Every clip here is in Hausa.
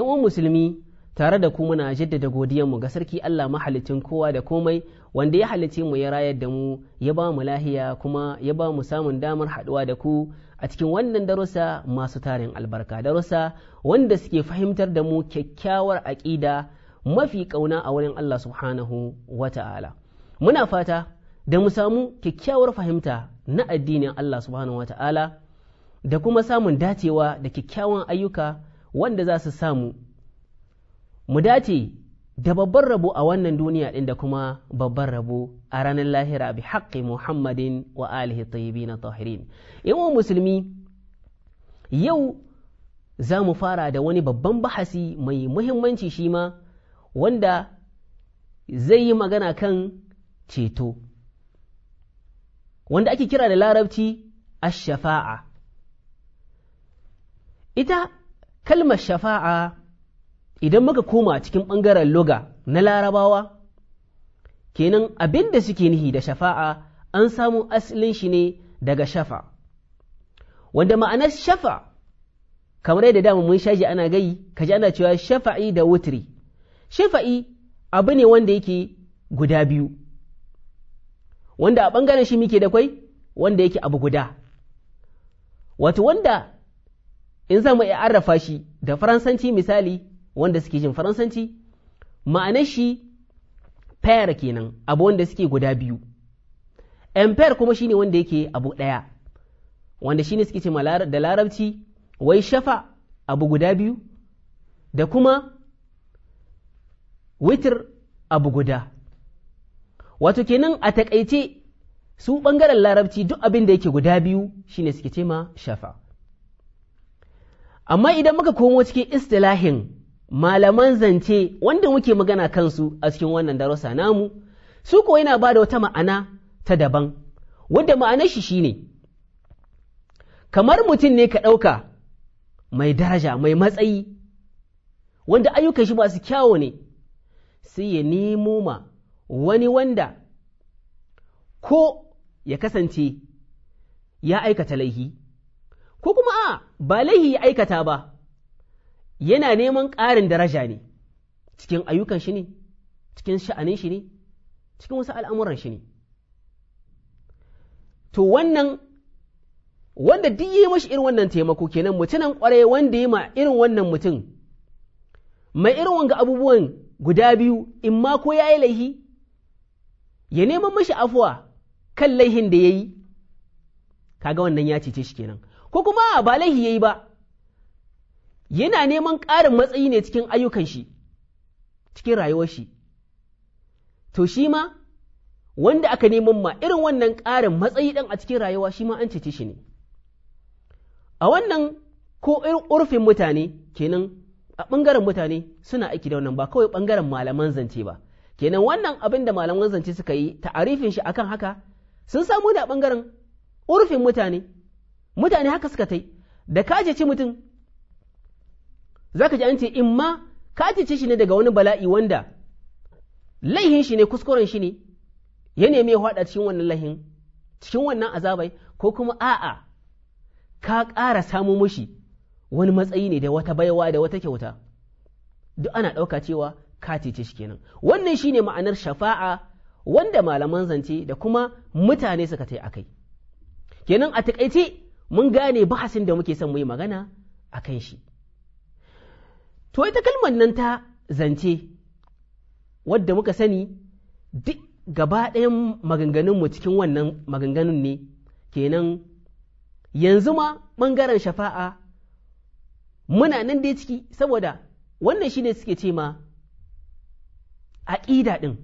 uwan musulmi tare da ku muna jaddada mu ga sarki Allah mahalicin kowa da komai wanda ya halicci mu ya rayar da mu ya ba mu lahiya kuma ya ba mu samun damar haɗuwa da ku a cikin wannan darussa masu tarin albarka darussa wanda suke fahimtar da mu kyakkyawar aƙida mafi ƙauna a wurin Allah subhanahu wa ta'ala muna fata da mu samu kyakkyawar fahimta na addinin Allah subhanahu wa ta'ala da kuma samun dacewa da kyakkyawan ayyuka wanda za su samu mu dace da babban rabo a wannan duniya ɗin da kuma babban rabo a ranar lahira bi haƙƙi muhammadin wa alihi tayyibi na tahirin wa musulmi yau za mu fara da wani babban bahasi mai muhimmanci shi ma wanda zai yi magana kan ceto wanda ake kira da larabci ash-shafa'a ita kalmar shafa'a idan muka koma cikin ɓangaren loga na larabawa kenan abin da suke nihi da shafa'a an samu asalin shi ne daga shafa wanda ma'anar shafa kamar yadda dama mun shaji ana gai kaji ana cewa shafa'i da wutri shafa'i abu ne wanda yake guda biyu wanda a ɓangaren shi muke da kwai wanda yake abu guda wato wanda in za mu iya arrafa shi da faransanci misali wanda suke jin faransanci ma'anar shi pair kenan abu wanda suke guda biyu pair kuma shine wanda yake abu ɗaya wanda shine suke ce da larabci wai shafa abu guda biyu da kuma witir abu guda wato kenan a taƙaice su ɓangaren larabci duk abin da yake guda biyu shine suke ce ma shafa amma idan muka komo cikin istilahin malaman zance wanda muke magana kansu a cikin wannan darussa namu su ko yana ba da wata ma'ana ta daban wanda ma'anar shi shine kamar mutum ne ka ɗauka mai daraja mai matsayi wanda ayyukan shi masu kyawo ne sai ya nemo ma wani wanda ko ya kasance ya aikata laihi ko kuma a ba laihi ya aikata ba yana neman ƙarin daraja ne cikin ayyukan shi ne cikin sha'anin shi ne cikin wasu al'amuran shi ne to wannan wanda duk yi mashi irin wannan taimako kenan mutunan kwarai wanda yi ma irin wannan mutum mai irin wanga abubuwan guda biyu in ma ko ya yi laihi ya neman mashi afuwa kan laihin da ya yi kaga wannan ya cece shi kenan ko kuma ba laihi yi ba yana neman ƙarin matsayi ne cikin ayyukan shi cikin rayuwar shi to shi ma wanda aka neman ma irin wannan ƙarin matsayi ɗan a cikin rayuwa shi ma an cece shi ne a wannan ko urfin mutane kenan a ɓangaren mutane suna aiki da wannan ba kawai ɓangaren malaman zance ba kenan wannan abin da malaman zance suka yi ta'arifin shi akan haka sun samu da ɓangaren urfin mutane mutane haka suka tai da ka ce mutum zaka ji an ce in ma ka ce shi ne daga wani bala'i wanda laihin shi ne kuskuren shi ne ya nemi ya hada cikin wannan laihin cikin wannan azabai ko kuma a'a ka ƙara samu mushi wani matsayi ne da wata baiwa da wata kyauta duk ana ɗauka cewa ka cece shi kenan wannan shi ne ma'anar shafa'a wanda malaman zance da kuma mutane suka tai akai kenan a taƙaice mun gane bahasin da muke son mu yi magana a kan shi to ita kalmar nan ta zance wadda muka sani duk gaba ɗayan maganganunmu cikin wannan maganganun ne kenan yanzu ma ɓangaren shafa'a muna nan dai ciki saboda wannan shine suke ce ma aƙida ɗin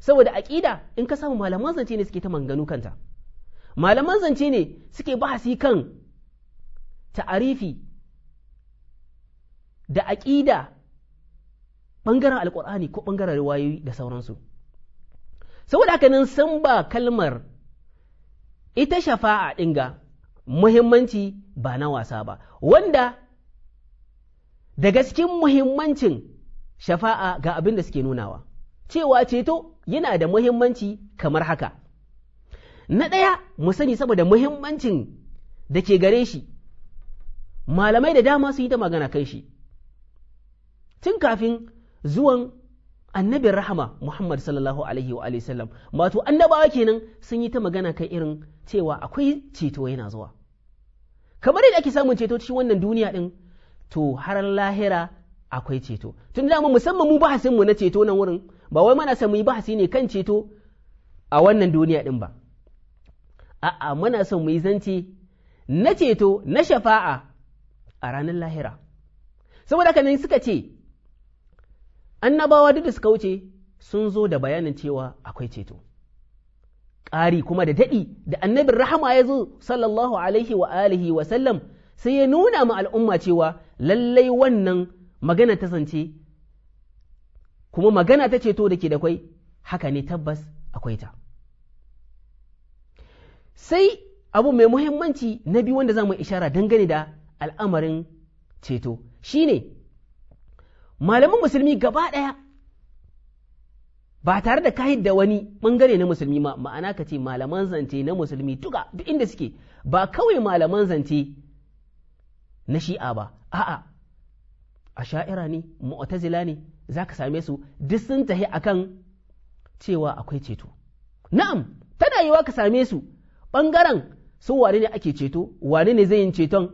saboda aƙida in ka samu malaman zance ne suke ta manganu kanta malaman zance ne suke bahasi kan ta'arifi da aƙida ɓangaren alƙur'ani ko ɓangaren riwayoyi da sauransu saboda haka nan san ba kalmar ita shafa'a ɗinga muhimmanci ba na wasa ba wanda da cikin muhimmancin shafa'a ga abin da suke nunawa cewa ceto yana da muhimmanci kamar haka na ɗaya mu sani saboda muhimmancin da ke gare shi malamai da dama sun yi ta magana kai shi tun kafin zuwan annabin rahama Muhammad sallallahu alaihi wa sallam mato annabawa kenan sun yi ta magana kan irin cewa akwai ceto yana zuwa kamar yadda ake samun ceto cikin wannan duniya din to har lahira akwai ceto tun da mu musamman mu bahasin mu na ceto nan wurin ba wai mana san mu yi bahasi ne kan ceto a wannan duniya din ba a'a muna son mu yi zance na ceto na shafa'a a ranar lahira saboda haka ne suka ce annabawa duk da suka wuce sun zo da bayanin cewa akwai ceto ƙari kuma da daɗi da annabin rahama ya zo sallallahu alaihi wa alihi wa sallam sai ya nuna ma al'umma cewa lallai wannan magana ta zance kuma magana ta ceto da ke da kwai haka ne tabbas akwai ta sai abu mai muhimmanci na biyu wanda za mu ishara dangane da al'amarin ceto Shi ne, malaman musulmi gaba ɗaya ba tare da kahi da wani ɓangare na musulmi ma ma'ana ka ce malaman zance na musulmi duka duk inda suke ba kawai malaman zance na shi'a ba a'a a sha'ira ne mu'tazila ne za ka same su duk sun tahi akan cewa akwai ceto na'am tana yiwa ka same su ɓangaren su wane ne ake ceto wane ne zai yin ceton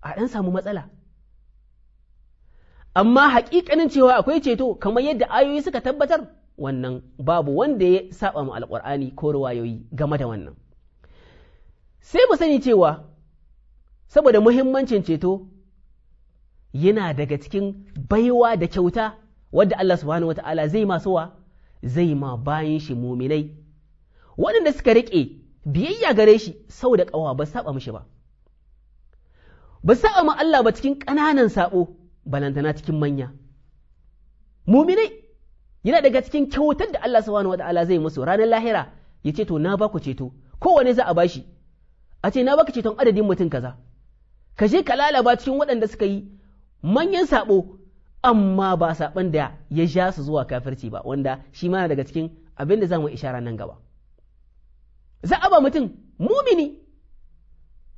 a ɗan samu matsala amma haƙiƙanin cewa akwai ceto kamar yadda ayoyi suka tabbatar wannan babu wanda ya saba mu alƙur'ani ko ruwayoyi game da wannan sai mu sani cewa saboda muhimmancin ceto yana daga cikin baiwa da kyauta wadda Allah subhanahu wata'ala zai masuwa zai ma bayan shi muminai waɗanda suka riƙe biyayya gare shi sau da ƙawa ba saba mishi ba ba saba ma Allah ba cikin ƙananan sabo balantana cikin manya muminai yana daga cikin kyautar da Allah subhanahu wata'ala zai musu ranar lahira ya ce to na baku ceto kowane za a bashi a ce na baka ceton adadin mutum kaza ka je ka lalaba cikin waɗanda suka yi manyan saɓo amma ba saɓon da ya ja su zuwa kafirci ba wanda shi ma daga cikin abin da za mu ishara nan gaba za a ba mutum mumini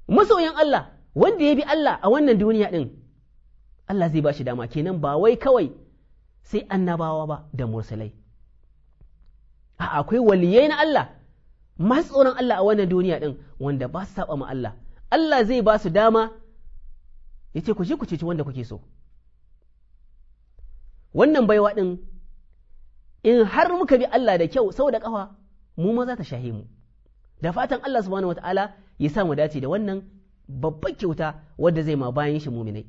masoyan Allah wanda ya bi Allah a wannan duniya ɗin Allah zai ba shi dama kenan ba wai kawai sai annabawa ba da mursalai a akwai waliyai na Allah masu tsoron Allah a wannan duniya ɗin wanda ba su saba ma Allah Allah zai ba su dama ya ce ku je ku ceci wanda kuke so wannan baiwa ɗin in har muka bi Allah da kyau sau da ƙafa mu ma za ta shahe mu da fatan Allah subhanahu wataala ya sa mu dace da wannan babbar kyauta wadda zai ma bayan shi muminai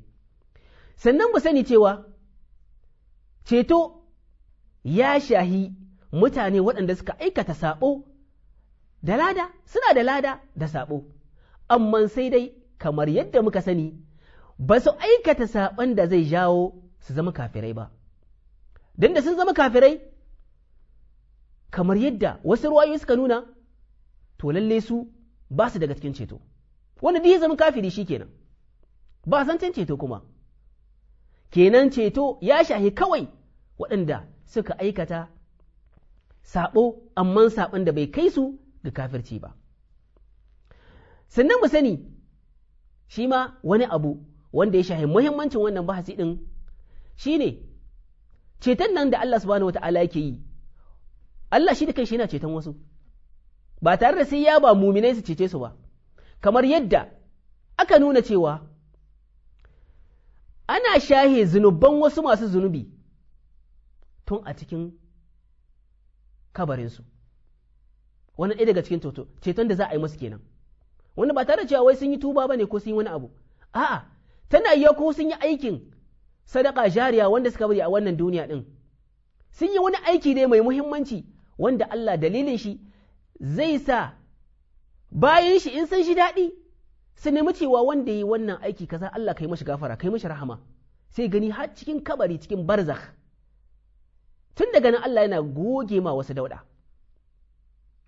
sannan mu sani cewa ceto ya shahi mutane waɗanda suka aikata saɓo da lada suna da lada da saɓo amma sai dai kamar yadda muka sani ba su aikata saɓon da zai jawo su zama kafirai ba don da sun zama kafirai kamar yadda wasu ruwayoyi suka nuna to lalle su ba su daga cikin ceto wanda duk ya zama kafiri shi kenan ba zancen ceto kuma kenan ceto ya shahi kawai waɗanda suka aikata saɓo amman saɓon da bai kai su ga kafirci ba sannan mu sani shi ma wani abu wanda ya shahi muhimmancin wannan bahasi ɗin shi ne ceton nan da Allah subhanahu wa ta'ala yake yi Allah shi da kai shi yana ceton wasu ba tare da sai ya ba muminai su cece su ba kamar yadda aka nuna cewa ana shahe zunuban wasu masu zunubi tun a cikin kabarinsu wani ɗaya daga cikin ceton da za a yi masu kenan wanda ba tare da cewa wai sun yi tuba ba ne ko sun yi wani abu a'a tana yiwa ko sun yi aikin sadaka jariya wanda suka bari a wannan duniya ɗin sun yi wani aiki ne mai muhimmanci wanda Allah dalilin shi zai sa bayan shi in san shi daɗi su nemi cewa wanda yi wannan aiki kaza Allah kai mashi gafara kai mashi rahama sai gani har cikin kabari cikin barzak tun daga nan Allah yana goge ma wasu dauda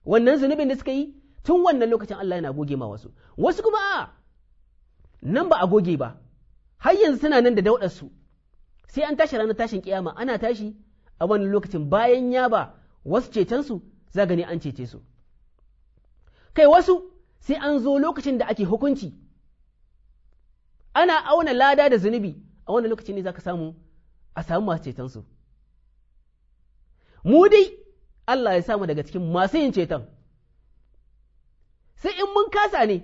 wannan zunubin da suka yi tun wannan lokacin Allah yana goge ma wasu wasu kuma a nan ba a goge ba har yanzu suna nan da daudar su sai an tashi ranar tashin kiyama ana tashi a wannan lokacin bayan ya ba wasu su za gani an cece su kai wasu sai an zo lokacin da ake hukunci ana auna lada da zunubi a wannan lokaci ne za ka samu a samu masu su. mu dai Allah ya samu daga cikin masu yin ceton sai in mun kasa ne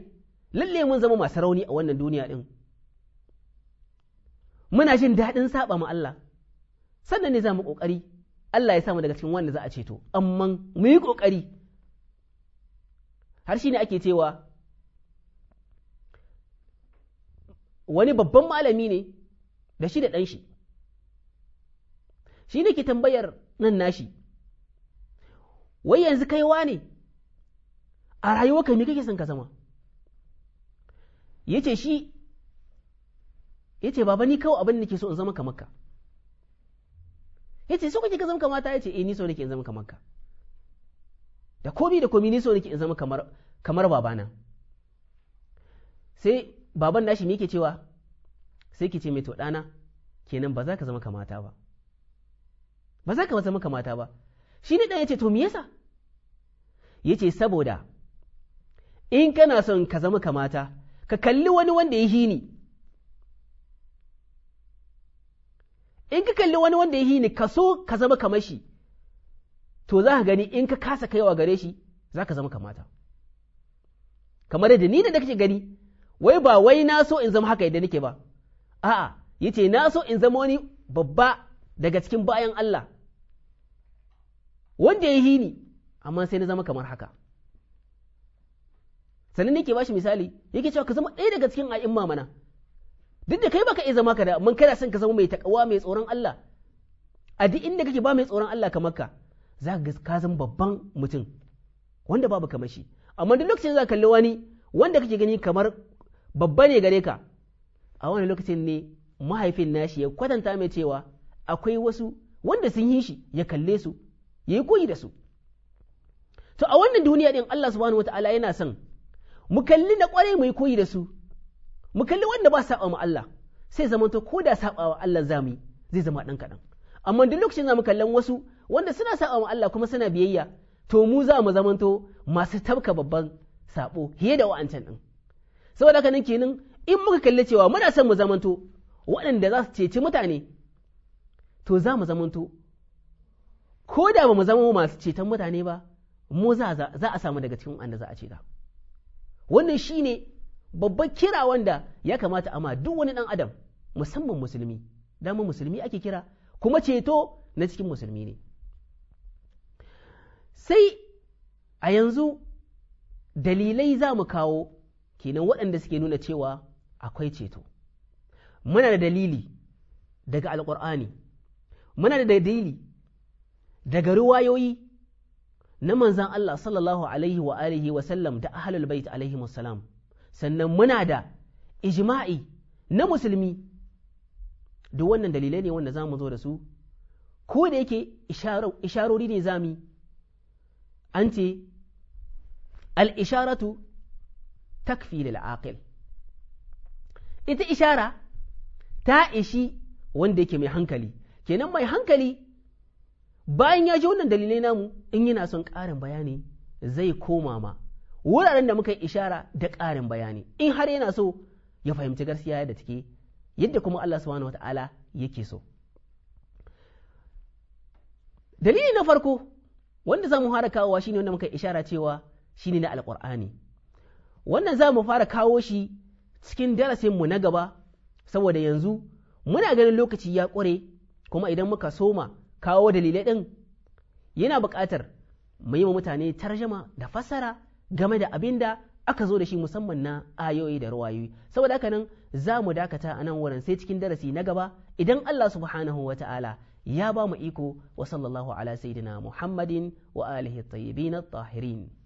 lalle mun zama masu rauni a wannan duniya ɗin muna jin daɗin saba ma Allah sannan ne za mu ƙoƙari Allah ya samu daga cikin wanda za a ceto amma mu yi ƙoƙari har shi ne ake cewa wani babban malami ne da shi da ɗanshi shi ne ke tambayar nan nashi wai yanzu kaiwa ne a rayuwarka me kake son ka zama yace shi yace baba ni kawai abin da nake so in zama kamar ka yace so kake ka zama kamata yace eh ni so nake in zama kamar ka da komi da komi ni so nake in zama kamar kamar babana sai baban nashi me yake cewa sai ki ce mai to ɗana kenan ba za ka zama kamata ba ba za ka zama kamata ba shi ne ɗan ya ce to me yasa ya ce saboda in kana son ka zama kamata ka kalli wani wanda ya hini in ka kalli wani wanda ya hini ka so ka zama kamar shi to za ka gani in ka kasa kaiwa gare shi za ka zama kamata kamar yadda ni da nake gani wai ba wai na so in zama haka yadda nake ba a'a yace na so in zama wani babba daga cikin bayan Allah wanda ya yi ni amma sai na zama kamar haka sannan nake bashi misali yake cewa ka zama ɗaya daga cikin a'imma mana duk da kai baka iya zama ka da mun kana son ka zama mai takawa mai tsoron Allah a duk inda kake ba mai tsoron Allah kamar ka za ka ka zama babban mutum wanda babu kamar shi amma duk lokacin za ka kalli wani wanda kake gani kamar babba ne gare ka a wani lokacin ne mahaifin nashi ya kwatanta mai cewa akwai wasu wanda sun yi shi ya kalle su ya yi koyi da su to a wannan duniya din Allah subhanahu wata'ala yana son mu kalli na kwarai mu koyi da su mu kalli wanda ba saba ma Allah sai zamanto ko da sabawa Allah zamu zai zama ɗan kaɗan. amma duk lokacin za mu kallon wasu wanda suna saba wa Allah kuma suna biyayya to mu za mu zamanto masu tabka babban sabo fiye da wa'ancan din saboda haka nan kenan in muka kalli cewa muna son mu zamanto waɗanda za su ceci mutane to za mu zamanto ko da ba mu zama masu ceton mutane ba mu za a samu daga cikin wanda za a ceta wannan shine babban kira wanda ya kamata amma duk wani dan adam musamman musulmi dama musulmi ake kira kuma ceto na cikin musulmi ne sai a yanzu dalilai za mu kawo kenan waɗanda suke nuna cewa akwai ceto muna da dalili daga alƙur'ani muna da dalili daga ruwayoyi na manzan Allah sallallahu alaihi wa alihi wa sallam da ahlul bait alaihi wasallam sannan muna da ijma'i na musulmi duk wannan dalilai ne wanda za mu zo da su ko da yake isharori ne yi. an ce al'isharatu takfi da aqil ita ishara ta ishi wanda yake mai hankali kenan mai hankali bayan ya ji wannan dalilai namu in yana son ƙarin bayani zai koma ma wuraren da muka yi ishara da ƙarin bayani in har yana so ya fahimci gaskiya da take yadda kuma Allah subhanahu wata'ala yake so dalili na farko wanda za mu fara kawowa shine wanda muka ishara cewa shi ne na alkur'ani wannan za mu fara kawo shi cikin darasin mu na gaba saboda yanzu muna ganin lokaci ya ƙware kuma idan muka soma kawo dalilai ɗin yana buƙatar mu yi mutane tarjama da fassara game da abin da aka zo da shi musamman na ayoyi da ruwayoyi saboda haka nan za mu dakata a nan wurin sai cikin darasi na gaba idan Allah subhanahu wa ta'ala ya ba mu iko wa sallallahu ala sayyidina muhammadin wa alihi tayyibin at-tahirin